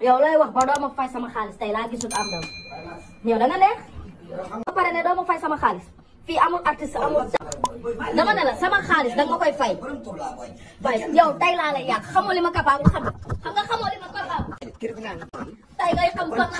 yow looy wax ba doo ma fay sama xaalis tey laa gisut am dam yow da nga neex ba pare ne doo ma fay sama xaalis fii amul artiste amul dama ne la sama xaalis da nga ma koy fay fay yow tey laa lay yàq ma capable xam nga xam nga xamoo li ma capable tey ngay xam